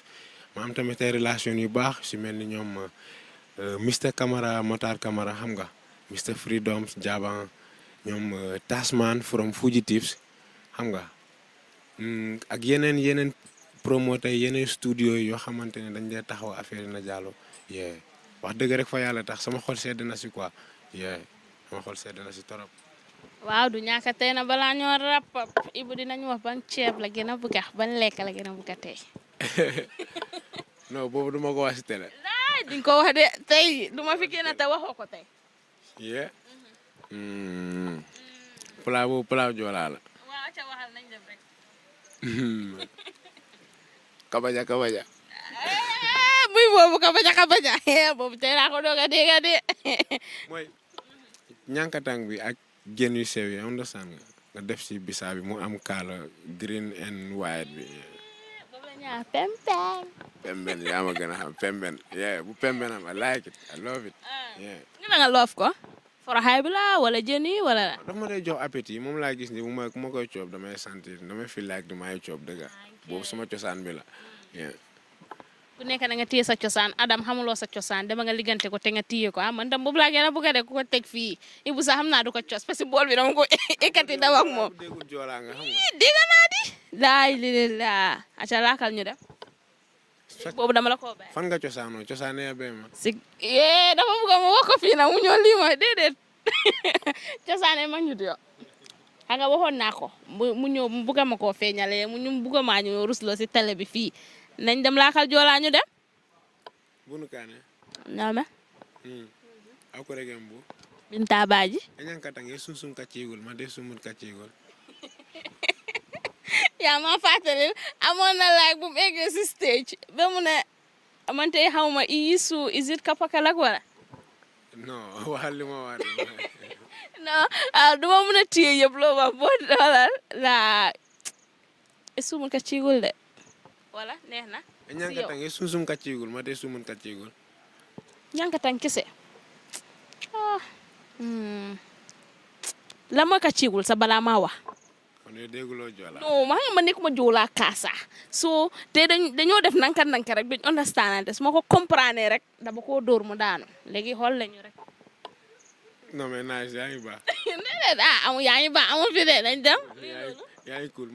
ma am tamit ay relation yu baax si mel ni ñoom euh, Mr Camara Matar Camara xam nga Mr Freedoms Jaban ñoom euh, Tasman from Fugitives xam nga mm, ak yeneen yeneen promoteur yeneen studio yoo xamante ne dañ dee taxaw affaire na Diallo yee wax dëgg rek fa yàlla tax sama xol sedd na si quoi yee sama xol sedd na si torop waaw du ñaaka tey na balaa ñoo ibu dinañ wax ban ceeb la gën a bëgg ban lekk la gën a bëgg tey non boobu duma ko wax si télé duñ ko wax de tey duma fi génn te waxoo ko tey ye pla boobu pla joolaa la waaw ca waxal nañ dem rek kabaja kabaja muy boobu kabaja kabaja boobu tey laa ko de mooy ñànkatang bi ak jën yu sew yi understand nga nga def si bisaa bi mu am kaala green and white bi. pemben. yaa ma a xam pemben yeah bu pemben am I like it I love it. Ah. yeah ni nga loof ko. foroxaay bi la wala jën yi wala. dafa ma day jox appétit moom laa gis ni bu ma ku ma koy coob damay sentir damay feel like damay coob dëgg ah, boobu suma cosaan bi la. ku nekk na nga téye sa cosaan Adam xamuloo sa cosaan dama nga liggante ko te nga téye ko ah man dam boobu laa a a de ku ko teg fii Ibu sax naa du ko cos parce que bool bi dama ko ekkati daw ak moom eh, la aca laakal ñu dama la koo bàyyi fan nga cosaanoo cosaanee ya bee ma si yee eh, dafa bëgg ma fii nag mu ñoo lii mooy déedéet ma ñu yo xam nga waxoon naa ko mu ñëw mu bëgg ma koo feeñale mu ñu bëgg maa ñu rusloo si télé bi fii nañ dem laakal joolaa dem. bunu kaane. naame. Hmm. akuregen bu. binta baaji. añan e katange sunsum kaccigol ma de sumut kaccigol. yaa ma fàttali amoon na laaj bu mu stage ba mu ne man tey xaw wala. non waxal li ma war non ah, du ma mun a téye yëpp loo ma e wala neex na. ñankatang yi suñ sum kàccigul ma tey sumun kàccigul. ñankatang kese ah. Hmm. la ma kàccigul sa balaa maa wax. kon yow dégguloo Joola. ma nekk ma Joola kaasa so te dañoo def nanka nanka rek biñ understandante su ma ko comprendre rek dama koo dóor mu daanu léegi xool lañu rek. non mais naaj yaa ngi baax. Ah, yaa ngi baax amul fi de nañ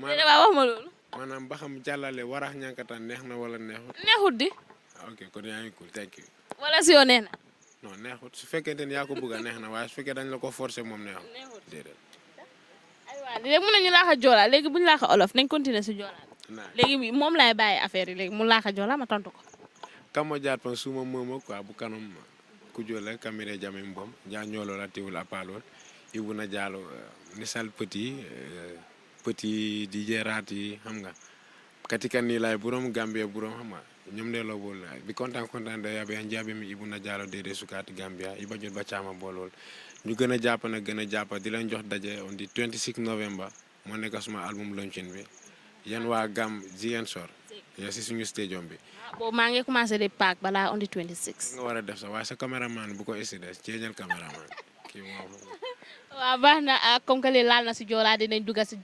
wax ma loolu. maanaam ba xam jàllale waraax ñànkataan neex na wala neexut. neexut di. ok kon yaa ngi cool si yoo neex na. neexut su fekkente ne yaa ko bëgg a neex na waaye su fekkee dañ la ko forcer moom neexut. neexut déedéet. aywa léegi mën nañu laaxa joolaa léegi bu ñu laaxa olof nañ continuer si joolaa. léegi moom laay bàyyi affaire yi léegi mu laaxa joolaa ma tontu ko. kama jaat pan suma mama quoi bu kanam kujola kamire jame mbom ja ñolora tiwul apalol ibuna jaaloo euh, nisal petit euh, petit di jeraat yi xam nga katika ni lay burom gambia burom xam nga ñom de lo bol bi kontaan kontaan da yabe han jabe mi ibuna jalo dede sukat gambia iba jot ba caama bolol ñu gën a jàpp nag gën a di leen jox daje on di 26 novembre moo nekk suma album launching bi yéen waa Gam Ziguinchor yaa si suñu stadium bi. Ah, boobu maa ngi commencé di paak balaa on di 26. nga war a def sax waaye sa caméraman bu ko essayé ceeñal caméraman kii waaw baax na ah, comme que li laal na si joolaa dinañ dugg si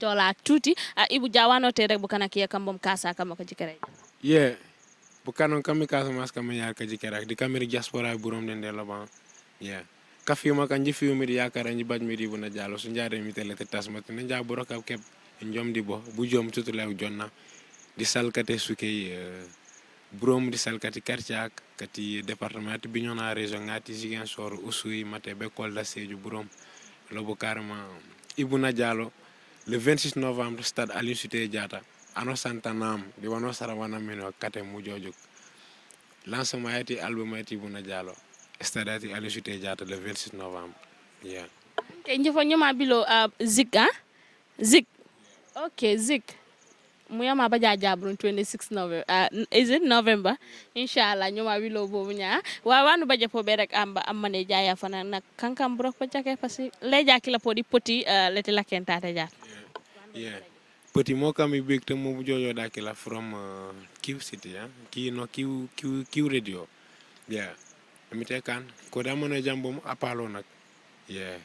tuuti ah, Ibu Dia waanotee rek bu kana kiye kam bom kasa kam ko jikere ye bu kanon kam mi Casamance yaar ka di kamiri diaspora burom den de laban ye ka fiuma di yakara ji mi di buna jalo su njaare mi tele te tasmati na njaa boro kap kep njom di bo bu jom tutu lew jonna di salkate sukey eh, burom di salkati quartier ak kati département ti Bignona région ngati Ziguinchor Oussouye lobo carrément Ibuna Diallo le 26 novembre stade ali Sitoé Diatta ano santanam ɗi wano sara wanamen o kate mujojuk lancement yati album yati Ibuna Diallo stade ati ali Sitoé Diatta le 26 novembre yeah. ok njofo bilo ah, zik hein ah? zik ok zik muyama baja jabrun 26 november uh, is it november inshallah nyoma wilo bobu nya wa wanu baje po berek rek amba amane jaya fana na kankam brok pa jake pasi le jakila podi poti uh, lete la kenta ta ja yeah, poti mo kam i big mo jojo dakila from uh, q city ya yeah? ki no q q q radio yeah amite kan ko da mona jambom apalo nak yeah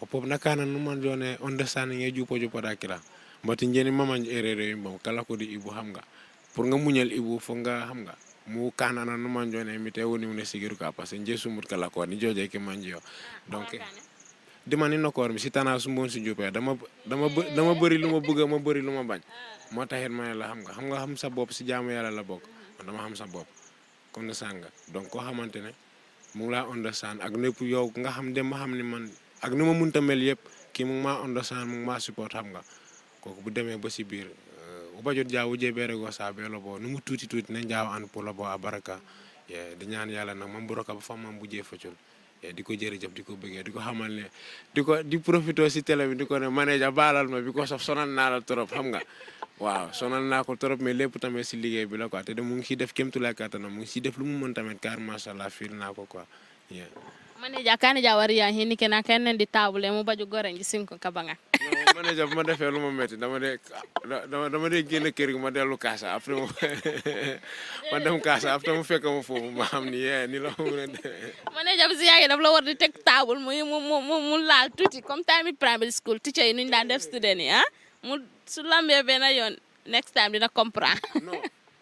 o pop nakana numan jone understanding e jupo jupo dakila mbati njeni mama erere yimbo kala ko di ibu hamga, pur pour nga muñal ibu fo nga xam nga mu kanana no man ne mi tewo ni ne sigiru ka parce que jesu mut kala ko ni joje ke jio ah, donc dimani no koor mi si tana su mbon si jupe dama dama dama beuri luma bëgg ah. ma beuri luma bañ mo taxit ma la xam nga xam nga xam sa bop si jaamu yalla la bok dama xam sa bop comme na sanga donc ko xamantene mu la understand ak nepp yow nga xam dem ma xam ni man ak numa munta mel yep ki mu ma understand mu ma support xam nga kooku bu demee ba si biir euh, bu bajot jaawu jee beere go saa bee lobo nu mu tuuti tuuti nañ jaaw an pour lobo a baraka di ñaan yàlla nag mam bu roka ba fa mam bu jee fëccul di ko jëf di ko bëggee di ko xamal ne di ko di profité si télé bi di ko ne manager baalal ma bi ko sax sonal naa la trop xam nga waaw sonal naa ko trop mais lépp tamit si liggéey bi la quoi te de mu ngi siy def kémtulaay kàttanam mu ngi siy def lu mu mën tamit car macha allah fiir naa ko manaja kanija wari ya hini kena kenen di table mu baju goreng gisim ko kabanga manaja bu ma defee lu ma metti dama de dama de génn kër gi ma dellu kaasa après ma dem kaasa après mu fekk ma foofu ma xam ni yee eh, ni la ma mën a demee manaja bi si yàgg daf la war di teg table mu mu mu mu laal tuuti comme time primary school teacher yi nuñ daan def student yi ah mu su lambee benn yoon next time dina comprendre non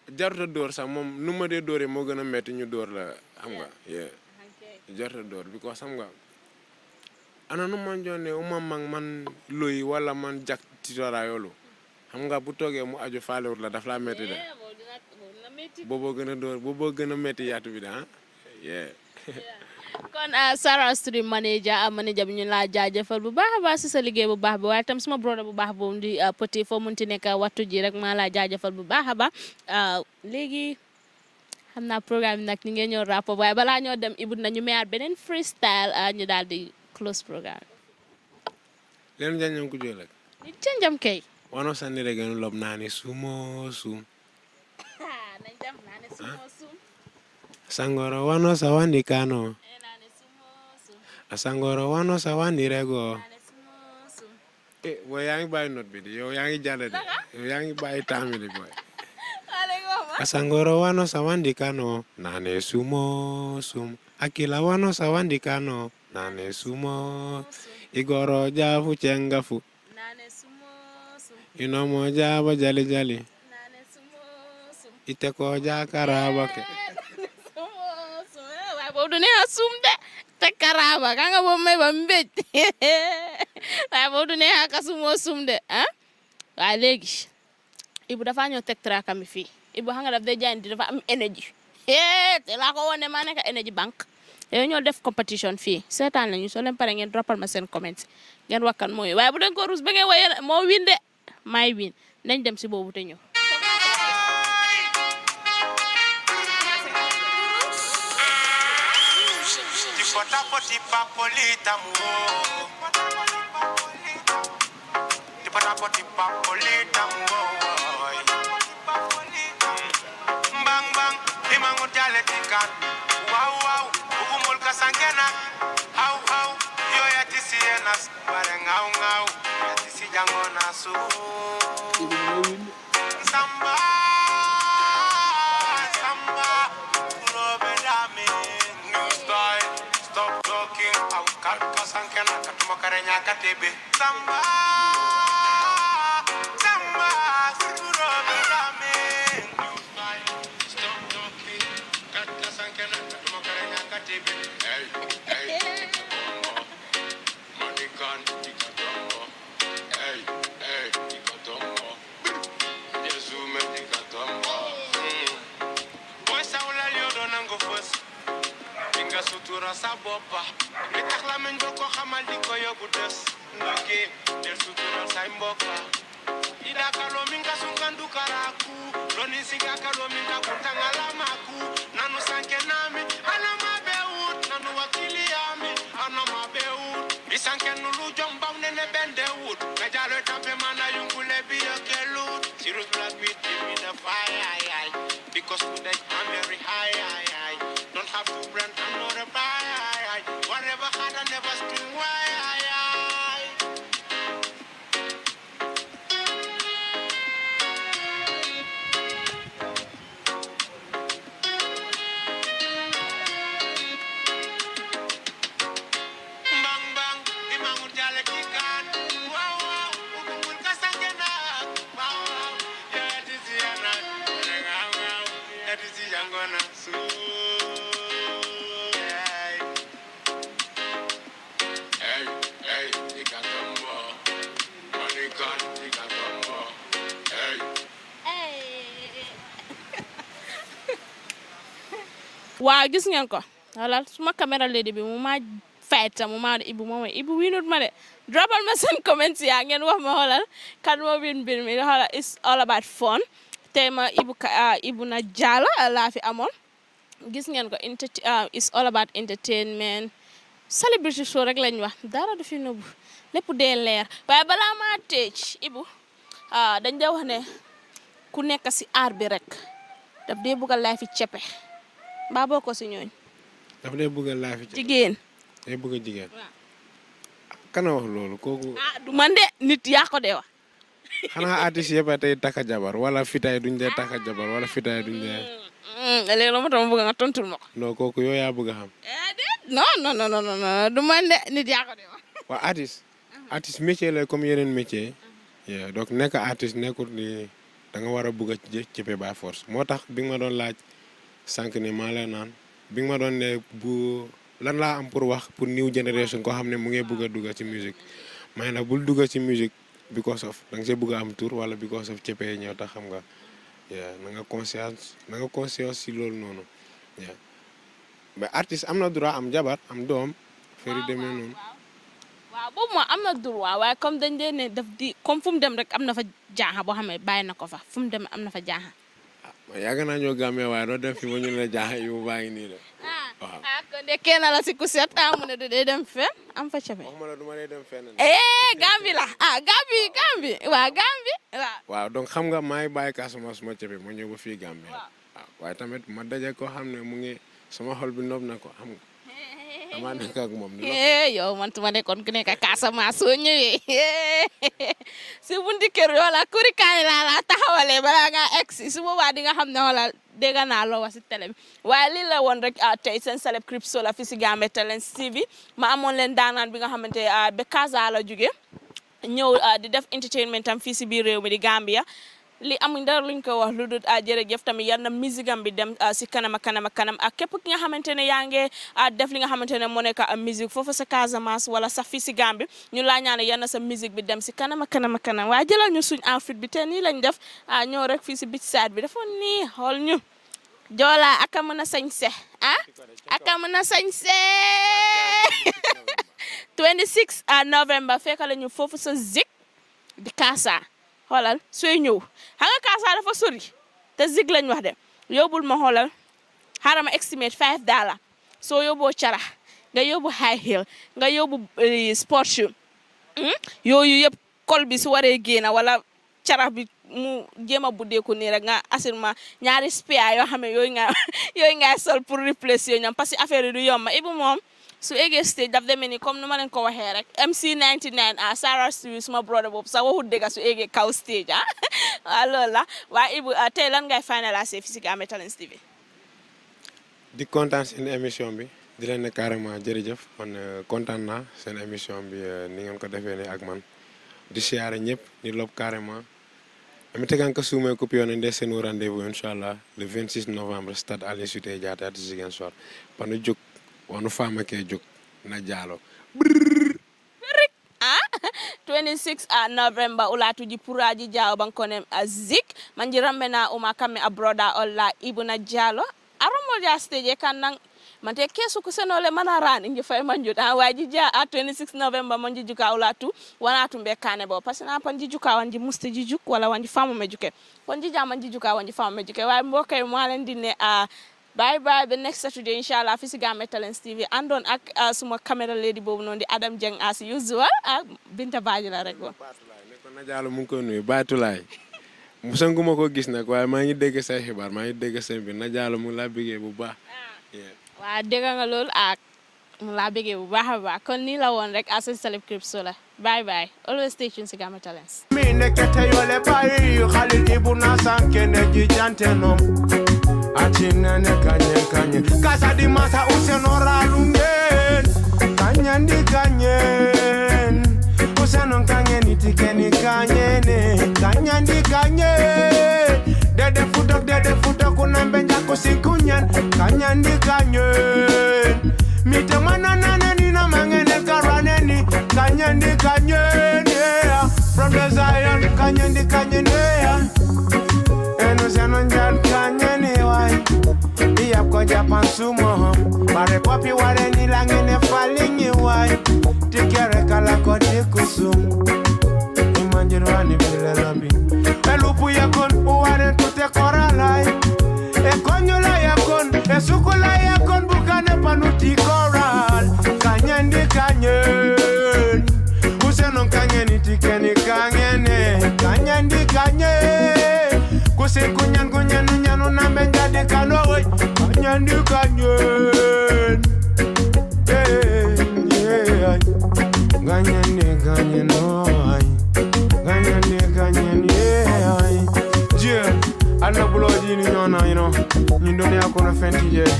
jaruta door sax moom nu ma dee dóoree moo gën a metti ñu dóor la xam nga jarta door ko xam nga ana no man o uma mang man loyi wala man jak titora yolo xam nga bu toogee mu aju faalewut la daf laa metti da bo gën a door bo gën a metti yaatu bi da ah yeah kon uh, sara studi manager uh, manager bi ñu laa jaajëfal bu baax ba ci si sa liggéey bu baax bi waaye tam suma brodo bu baax boobu di uh, petit foo munti nekk wattu ji rek maa laa jaajëfal bu baax ba léegi xam naa programme bi nag ñu ngi ñëw rapport waaye balaa ñoo dem ibut na ñu mayaat beneen freestyle euh, ñu daal di close programme leen janjam ku jóolag ñu janjam kay wano sanni regenu lob naani sumo sum nañ dem naani sumo ah. sum sangoro wano sawandi kano sangoro wano sawandi rego eh booy yaa ngi bàyyi note bi di yow yaa ngi jàll de yow yaa ngi bàyyi temps bi di booy Kasangoro wano sawandikano nane sumo sum akila wano sawandikano nane sumo igoro jafu chengafu nane sumo sum inomo jabo jali jali nane sumo sum iteko jakarabake bodone asumde takaraba kanga eh, eh, bomme bambet ay sum de ha ha alegish Ibu dafa ñëw tek traakam bi fi Ibu hanga daf day jaay dafa am energy eh te laa ko wane mané ka énergie bank yooyu ñoo def compétition fi Setan lañu so leen paré ngeen dropal ma seen comment ngeen wakkan moy way bu den ko ba ngeen waye ya, mo win de may win nañ dem si boobu te ñëw papoli papoli African. Wow, wow, mulka Sangena. How, how, yo yatisi enas, barengau, ngau, yatisi jangona su. Samba, samba, urobedame. New style, stop talking, au karka Sangena, katumakarenyaka tebe. Samba. sóora sa boppa li tax lamiñ ko xamal di ko del mi nga karaku si mi nga nanu sanke nami nanu wakili mi sanke jom baw jalo mana sirus the fire because today I'm very high, high to run, I'm a buy. Whatever had, I never spin. Why? waaw gis ngeen ko voilà suma caméra lady bi mu maa fayta mu maa ibu moom ibu wiinut ma de drabal ma seen comment yaa ngeen wax ma xoolal kan moo win mbir mi xoolal it's all about fun tey ma ibu ah, na jaala laa fi amoon gis ngeen ko ah, it's all about entertainment celebrity show rek lañ wax dara du fi nëbbu lépp dee leer waaye balaa maa teej ibu ah, dañ dee wax ne ku nekk si aar bi rek daf dee bugg a cepe ba boko ko ñooñ dafa lay bëgg a laafi jigen lay bëgg jigen kan wax lolu koku ah du man de nit ya ko de wax xana artist yëpp tay taka jabar wala fitay duñ de taka jabar wala fitay duñ de ah, mm, mm, léegi la ma tam bëgg nga tontul mako no koku yo ya. bëgg xam no no no no no du man de nit ya ko de wax wa artist artist métier lay comme yeneen métier donc nek artist nekul ni da nga wara bëgg ci ci cëppe ba force motax bi nga don laaj sànq ni maa la naan bi nga ma doon ne bu lan laa am pour wax pour new generation koo xam ne mu ngi bëgg a dugg ci musique may nag bul dugg ci musique bi ko sof da nga see bëgg am tour wala bi ko sof cëppee ñëw tax xam nga waaw na nga conscience na nga conscience si loolu noonu waaw mais artiste am na droit am jabar am doom feri demee noonu waaw boobu moom am na droit waaye comme dañ leen ne daf di comme fu mu dem rek am na fa jaaxa boo xam ne bàyyi na ko fa fu mu dem am na fa jaaxa yàgg naa ñoo gàmmee waaye doo fi ba ñu ne jaaxle yu baa ngi nii de. Ah, waaw ah kon de kenn la si ku set ah mu ne am fa cafe. waxuma la du ma dee dem fenn. Eh, Gambi la ah Gambi Gambi waaw Gambi waaw. waaw xam nga maay bàyyi Casamance ma cafe ma ñëw ba fii Gambi ah, waaye tamit ma daje koo xam ne mu ngi sama xol bi nopp na ko xam amaa nekk ak moom eh, yow man su ma nekkoon ku nekk Casamance soo ñëwee si bunti kër yoo kuri kaay laa la taxawalee balaa ngaa egg si su boobaa di nga xam ne wala dégg naa loo wax si télé bi waaye lii la woon rek ah, tey seen Celeb Cribs la fi si Gambian ma amoon leen daanaan bi nga xamante ah, ba Casa la jóge ñëw ah, di def entertainment tam fii si biir réew mi di Gambia li amuñ dara luñ ko wax lu dul ah, jërëjëf tamit yal na misigam bi dem ah, si kanam ak kanam ak kanam ak képp ki nga xamante ne yaa ngi ah, def li nga xamante ne moo nekk a musique foofu sa Casamance wala sax fii si ñu laa ñaana yal na sa musique bi dem si kanam ak kanam ak kanam waaye jëlal ñu suñ outfit bi te nii lañ def ñëw rek fii si beach side bi dafa nii xool ñu Joola aka mën a sañse ah aka mën a sañse 26 novembre fekk la ñu foofu sa zik di kaasa xoolal sooy ñëw xam nga Kaasaa dafa sori te zig lañ wax de yóbbul ma xoolal xaaral ma estimate five daala soo yóbboo carax nga yóbbu high heel nga yóbbu eh, sport shoe hmm? yooyu yëpp col bi su waree génn wala carax bi mu jéem a buddeeku nii rek nga assurément ñaari spia yoo xam ne yooyu nga yooyu nga sol pour replacer ñoom parce que affaire yi du yomb ibu moom. su eggee stage daf demee ni comme nu ma leen ko waxee rek MC 99 ah Sarah Stew suma brother boobu sax waxut dëgg su eggee kaw stage ah waaw la waaye Ibu ah, tey lan ngay finaliser fii si Gambian Talents TV. di kontaan seen émission bi di leen ne carrément jërëjëf man euh, kontaan naa seen émission bi euh, ni ngeen ko defee ak man di siyaare ñëpp di lob carrément. amitekaanka suumee ko piyoon nde seenu rendez-vous incha allah le 26 novembre stade Aline Sitoé Diatta Ziguinchor panu wonu faama kee jóg na jaalo a 26 a november o laatuji puraji jawbankonem a ah, zik manji rammena uma kamme a broda olla ibuna dialo aromol yasteje e kan nan mante kesuku senole mana rani ji fay manjuɗa waji dia a ah, 26 novembre mo jiju ka ola tu wona tum ɓe kane bo par ce jijuk walla wanji famume juke pon jijama jiju ka wanji famume juke wawi mbokkay mo bye bye ba next Saturday inshallah fi si Gambian Talents TV àndoon ak uh, suma camera lady boobu noon di Adam Jeng as usual ak Binta Badji la rek woon. kon na jàll mu ngi ko nuyu Baatulaay musanguma ko gis nag waaye maa ngi dégg say xibaar maa ngi dégg say mbir na jàll mu ngi laa bu baax. Ah. waaw dégg nga loolu ak mu laa bu baax a baax kon nii la woon rek Asset Celeb Cribs la bye bye always stay tuned si Gambian achinene kanye kanye kasadi masa usenoralungen kanyandi kanyen usenon kanyen itikeni eh. kanyene kanyandi kanyen dede futok dede futok unambenjako sikunyen kanyandi kanyen mitemanananenina mangene karaneni kanyandi kanyen yeah. from the zion kanyandi yeah. moja pansumoho marekopi warenilangene falingiwai tikerekalako tikusum imanjirwani vilelambi elupu yakon uware tutekoralai ekonyola yakon esukula yakon bukane panu tikoral kanyendi kanyen kusenon kangeni tikeni kangene kanyendi kanyen kusikunyan kunyenunyanu nambenjadikanowei canyon, the canyon. Yeah, yeah. Canyon, the canyon, oh. Canyon, the canyon, yeah. Yeah. Alla buloji ni nyona, you know. Ni doni akona fenti, yeah.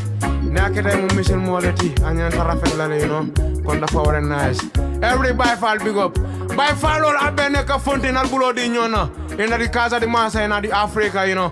Nakeda mu mission moleti, anyan tarafet lane, you know. Konda power and nice. Everybody fall big up. By follow abene ka fonte na buloji nyona. Ina di casa di masa, ina di Africa, you know.